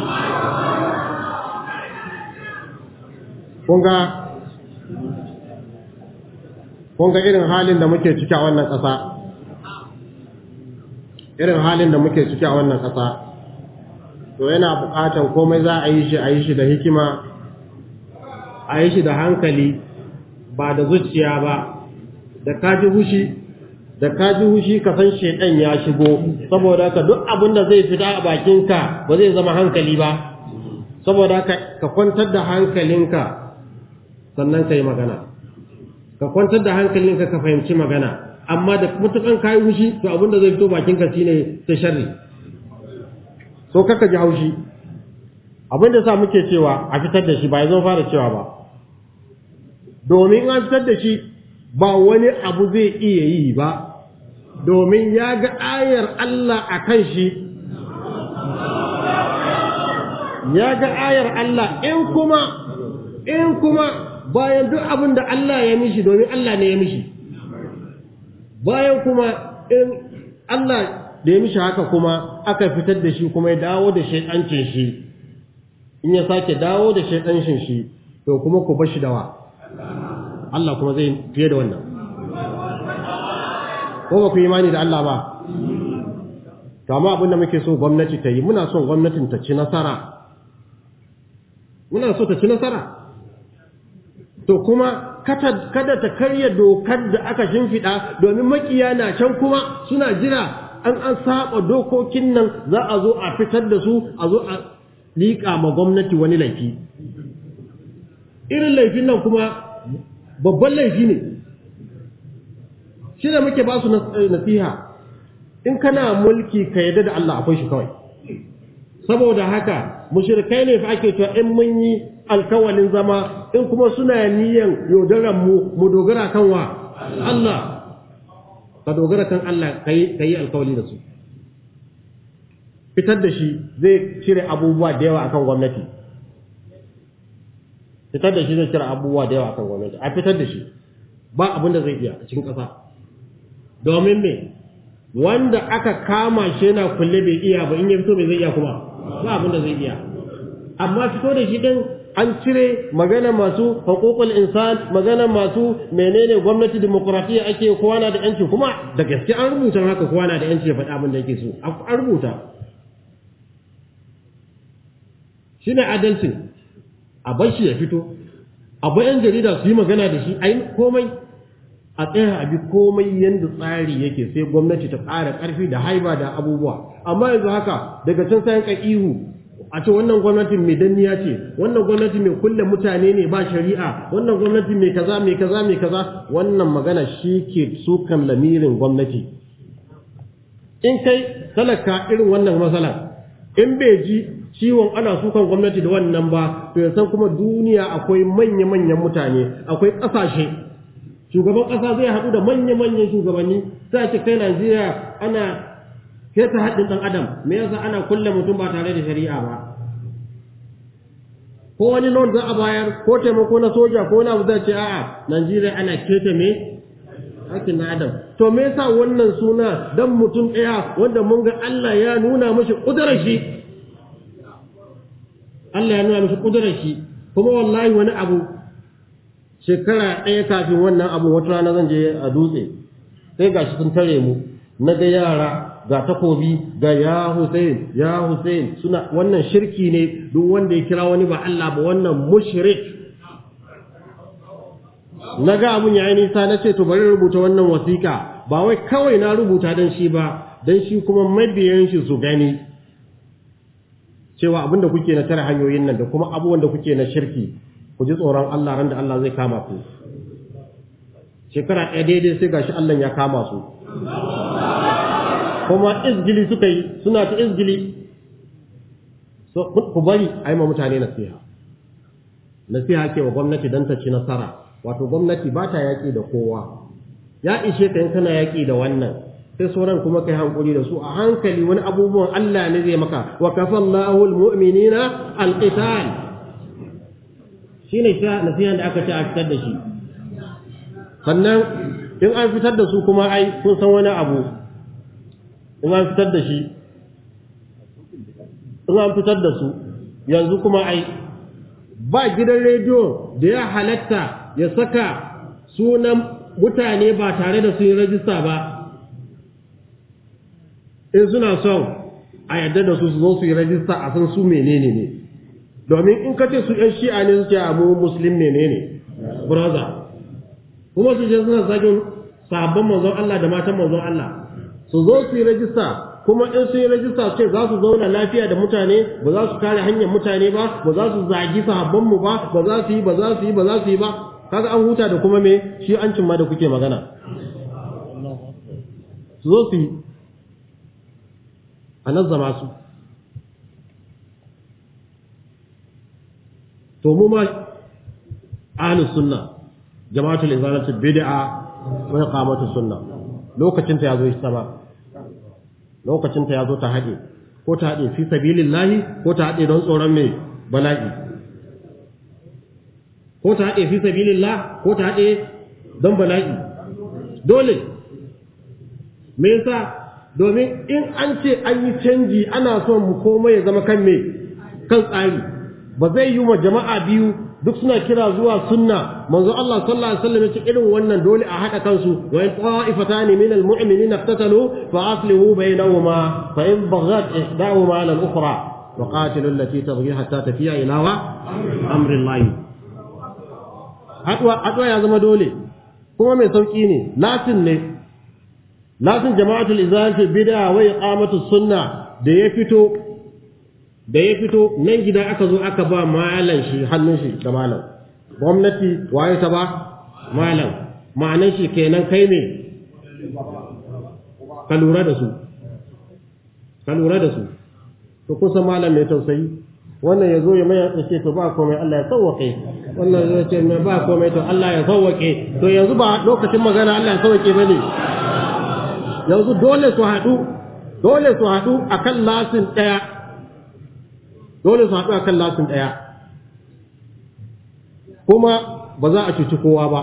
Kunga Kunga irin halin da muke ciki a wannan ƙasa irin halin da muke suke a wannan ƙasa to yana buƙatar komai za a yi shi a yi shi da hikima a yi shi da hankali ba da zuciya ba da kaji hushi da kaji hushi ka san shedan ya shigo saboda ka duk abin da zai fita a bakinka ba zai zama hankali ba saboda ka kwantar da hankalinka sannan ka yi magana ka kwantar da hankalinka ka fahimci magana amma da mutukan kayi shi, to abin da zai fito bakin ka shine ta sharri so kaka ji haushi abin da sa muke cewa a fitar da shi ba ya zo fara cewa ba domin an fitar da shi ba wani abu zai iya yi ba domin ya ga ayar Allah a kan shi ya ga ayar Allah in kuma in kuma bayan duk abin da Allah ya mishi domin Allah ne ya mishi bayan kuma in Allah da ya mishi haka kuma aka fitar da shi kuma ya dawo da shaidancin shi in ya sake dawo da shaidancin shi to kuma ku bashi dawa Allah kuma zai fiye da wannan ko ba ku imani da Allah ba to amma abin da muke so gwamnati ta yi muna son gwamnatin ta ci nasara muna so ta ci nasara to kuma kada ta karya dokar da aka shimfiɗa domin makiya na can kuma suna jira an an saba dokokin nan za a zo a fitar da su a zo a liƙa ma gwamnati wani laifi irin laifin nan kuma babban laifi ne shi da muke ba su eh, nasiha in kana mulki ka yadda da Allah akwai shi kawai saboda haka mushirkai ne fa ake cewa in mun yi alkawalin zama in kuma suna niyan yaudaran mu mu dogara kan wa Allah ka dogara kan Allah kai kai alkawali da su fitar da shi zai cire abubuwa da yawa akan gwamnati fitar da shi zai cire abubuwa da yawa akan gwamnati a fitar da shi ba abin da zai iya a cikin ƙasa domin me wanda aka kama shi yana kulle bai iya ba in ya fito bai zai iya kuma ba abin da zai iya amma fito da shi din an cire magana masu hukukul insan magana masu menene gwamnati demokratiya ake kowa da yanci kuma da gaske an rubuta haka kowa na da yanci faɗa abin da yake so an rubuta shine adalcin a bar ya fito a yan jarida su yi magana da shi a yi komai a tsaya a bi komai yadda tsari yake sai gwamnati ta ƙara ƙarfi da haiba da abubuwa amma yanzu haka daga can sayan ka ihu a ce wannan gwamnatin mai danniya ce wannan gwamnati mai kulle mutane ne ba shari'a wannan gwamnati mai kaza mai kaza mai kaza wannan magana shi ke sukan lamirin gwamnati in kai talaka irin wannan matsala in bai ji ciwon ana sukan gwamnati da wannan ba to ya san kuma duniya akwai manya-manyan mutane akwai ƙasashe shugaban ƙasa zai haɗu da manya-manyan shugabanni sai ce kai Najeriya ana keta haɗin ɗan adam me yasa ana kulle mutum ba tare da shari'a ba ko wani loan za a bayar ko taimako na soja ko na zai ce a'a Najeriya ana keta me hakkin ɗan adam to me yasa wannan suna dan mutum ɗaya wanda mun ga Allah ya nuna mashi kudurar shi Allah ya nuna mishi kudurar shi kuma wallahi wani abu shekara ɗaya kafin wannan abu wata rana zan je a dutse sai gashi sun tare mu na ga yara ga takobi ga ya Hussein ya Hussein suna wannan shirki ne duk wanda ya kira wani ba Allah ba wannan mushrik na ga abun ya nisa na ce to bari rubuta wannan wasiƙa ba wai kawai na rubuta dan shi ba don shi kuma mabiyan shi su gani cewa abin kuke na tare hanyoyin nan da kuma abubuwan da kuke na shirki ku ji tsoron Allah ran da Allah zai kama ku shekara ɗaya daidai sai gashi Allah ya kama su kuma izgili suka yi suna ta izgili so ku bari a yi ma mutane nasiha nasiha ke wa gwamnati don ta ci nasara wato gwamnati ba ta yaƙi da kowa ya ishe ka in kana yaƙi da wannan sai sauran kuma kai hankuli da su a hankali wani abubuwan Allah ne zai maka wa kafallahu almu'minina alqital shine ta nasiha da aka ce a fitar da shi sannan in an fitar da su kuma ai kun san wani abu in an fitar da shi in an fitar da su yanzu kuma ai ba gidan rediyo da ya halatta ya saka sunan mutane ba tare da sun yi rajista ba in suna son a yadda da su su zo su yi rajista a san su menene ne domin in ka ce su ‘yan shi'a ne suke abu muslim ne ne ne brother kuma su ce suna zagin sabon manzon Allah da matan manzon Allah su zo su yi rajista kuma in su yi rajista su ce za su zauna lafiya da mutane ba za su kare hanyar mutane ba ba za su zagi sahabban mu ba ba za su yi ba za su yi ba za su yi ba kaga an huta da kuma me shi an cimma da kuke magana su zo su yi a nazzama su to mu ma ahli sunna jama'atul izalatu bid'a wa iqamatu sunna lokacin ta yazo sama lokacin ta yazo ta hade ko ta hade fi sabilillahi ko ta hade don tsoron me bala'i ko ta hade fi sabilillah ko ta hade don bala'i dole me yasa domin in an ce an yi canji ana son mu komai ya zama kan me kan tsari ba zai yi wa jama'a biyu duk suna kira zuwa sunna manzo Allah sallallahu alaihi wasallam yace irin wannan dole a haka kansu wa in ta'ifatan min almu'minin iftatalu fa aslihu bainahuma fa in baghat ihdahuma 'ala al-ukhra wa qatilu allati tabghi hatta tafiya ila wa amri Allah adwa adwa ya zama dole kuma mai sauki ne latin ne latin jama'atul izalati bid'a wa iqamatus sunna da ya fito da ya fito nan gida aka zo aka ba malam shi hannun shi da malam gwamnati waye ta ba malam ma'anan shi kenan kai ne ka lura da su ka lura da su to kusa malam mai tausayi wannan ya zo ya mai ya ce to ba komai Allah ya sauwake wannan ya ce mai ba komai to Allah ya sauwake to yanzu ba lokacin magana Allah ya sauwake ba ne yanzu dole su haɗu dole su haɗu akan lasin ɗaya dole su haɗu a kan lasin ɗaya kuma ba za a cuci kowa ba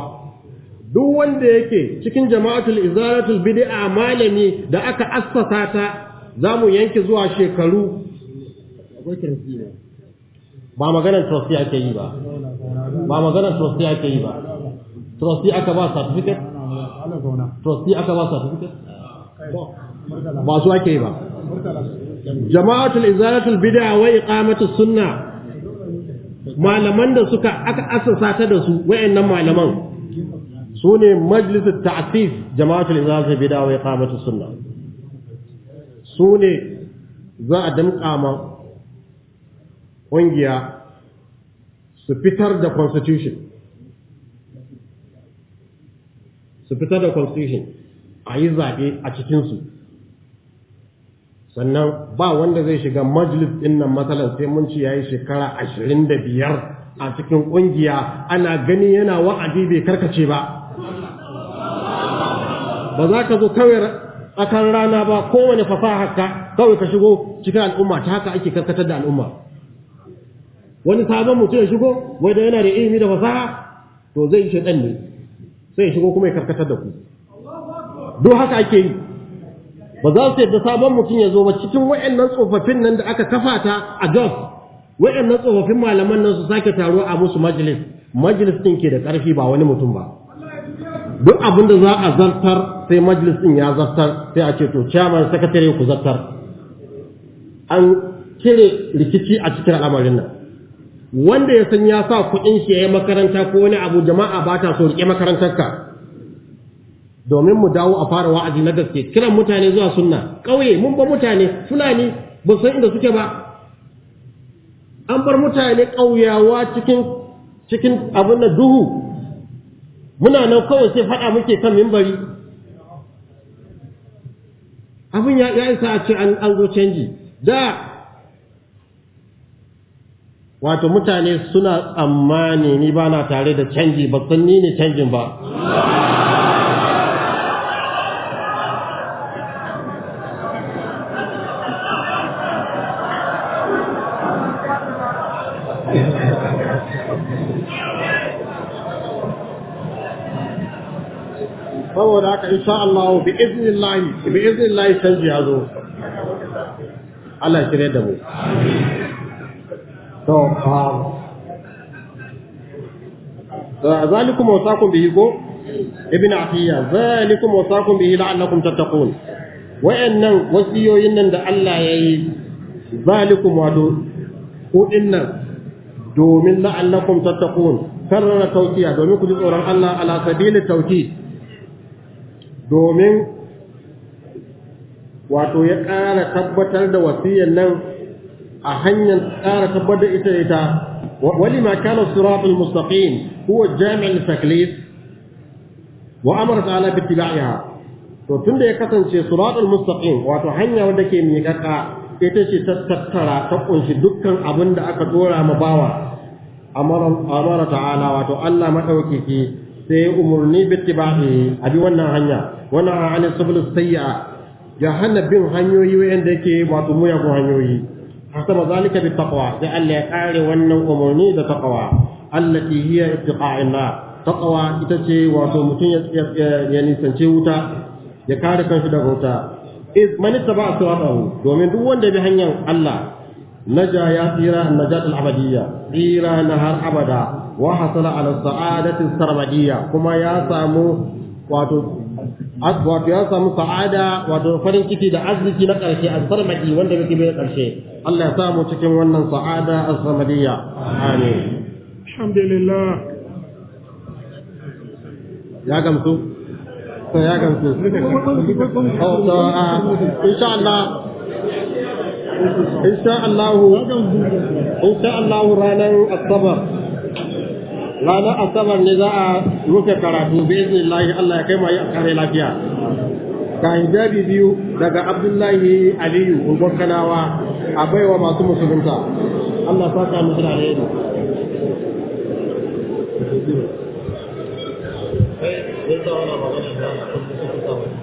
duk wanda yake cikin jama'atul izaratul bid'a malami da aka assasa ta za mu yanke zuwa shekaru ba maganar trustee ake yi ba ba maganar trustee ake yi ba trustee aka ba certificate trustee aka ba certificate ba su ake yi ba jama'atul izalatul bid'a wa iqamatus sunna malaman da suka aka asasa ta da su wayannan malaman su ne majlisut ta'sif jama'atul izalatul bid'a wa iqamatus sunna Sune za a damƙa ma ƙungiya su fitar da constitution su fitar da constitution a yi zaɓe a cikinsu sannan ba wanda zai shiga majlis din nan matsalar sai mun ci yayi shekara ashirin da biyar a cikin ƙungiya ana gani yana wa'adi bai karkace ba ba za ka zo kawai akan rana ba kowane fasaha ka kawai ka shigo cikin al'umma ta haka ake karkatar da al'umma wani sabon mutum ya shigo wai da yana da ilimi da fasaha to zai yi shaidan ne sai ya shigo kuma ya karkatar da ku duk haka ake yi ba za su yadda sabon mutum ya zo ba cikin wayannan tsofaffin nan da aka kafa ta a gaf wayannan tsofaffin malaman nan su sake taro a musu majalis majalis din ke da ƙarfi ba wani mutum ba duk abin da za a zartar sai majalis din ya zartar sai a ce to chairman sakatare ku zartar an kire rikici a cikin al'amarin nan wanda ya san ya sa kuɗin shi ya yi makaranta ko wani abu jama'a ba ta so riƙe ka domin mu dawo a fara wa'azi na gaske kiran mutane zuwa sunna ƙauye mun ba mutane fulani ba san inda suke ba an bar mutane ƙauyawa cikin cikin abin da duhu muna nan kawai sai faɗa muke kan mimbari abin ya isa a ce an zo canji da wato mutane suna tsammani ni ba na tare da canji ba san ni ne canjin ba saboda haka insha Allah bi iznillah bi iznillah canji ya zo Allah shirye da mu to ذلكم وصاكم به go ابن عطية ذلكم وصاكم به لعلكم تتقون wa'annan wasiyoyin nan da Allah ya yi zalikum wato kuɗin nan domin la'allakum tattaqun karrara tawqiya domin ku ji tsoron Allah ala sabili tawqi domin wato ya ƙara tabbatar da wasiyyar nan a hanyar ƙara tabbatar ita ita wali ma kana siratul mustaqim huwa jami'ul taklif wa amara ta'ala bi tibaiha to tunda ya kasance siratul mustaqim wato hanya wanda ke miƙaƙa ita ce ta tattara ta kunshi dukkan abin da aka dora ma bawa amara ta'ala wato Allah madaukaki sai umurni bi tibai abi wannan hanya wannan an sabul sayya ya hana bin hanyoyi wanda yake wato muyagun hanyoyi hasama zalika bi taqwa sai Allah ya kare wannan umarni da taqwa allati hiya ittiqa'in nar taqwa ita ce wato mutum ya nisance wuta ya kare kanshi daga wuta iz man ittaba siratahu domin duk wanda bi hanyar Allah naja ya tsira najat al-abadiyya tsira na har abada wa hasala ala sa'adatin sarmadiyya kuma ya samu wato wato ya samu sa'ada wato farin ciki da arziki na ƙarshe a sarmadi wanda muke bai ƙarshe Allah ya samu cikin wannan sa'ada a sarmadiyya amin alhamdulillah ya gamsu to ya gamsu oh, to ah, insha Allah insha Allah insha Allah ranar asabar ranar asabar ne za a rufe karatu bi iznillahi Allah ya kai mu a kare lafiya ga hijabi biyu daga Abdullahi Aliyu ungon kanawa a baiwa masu musulunta Allah saka mu da alheri Thank you.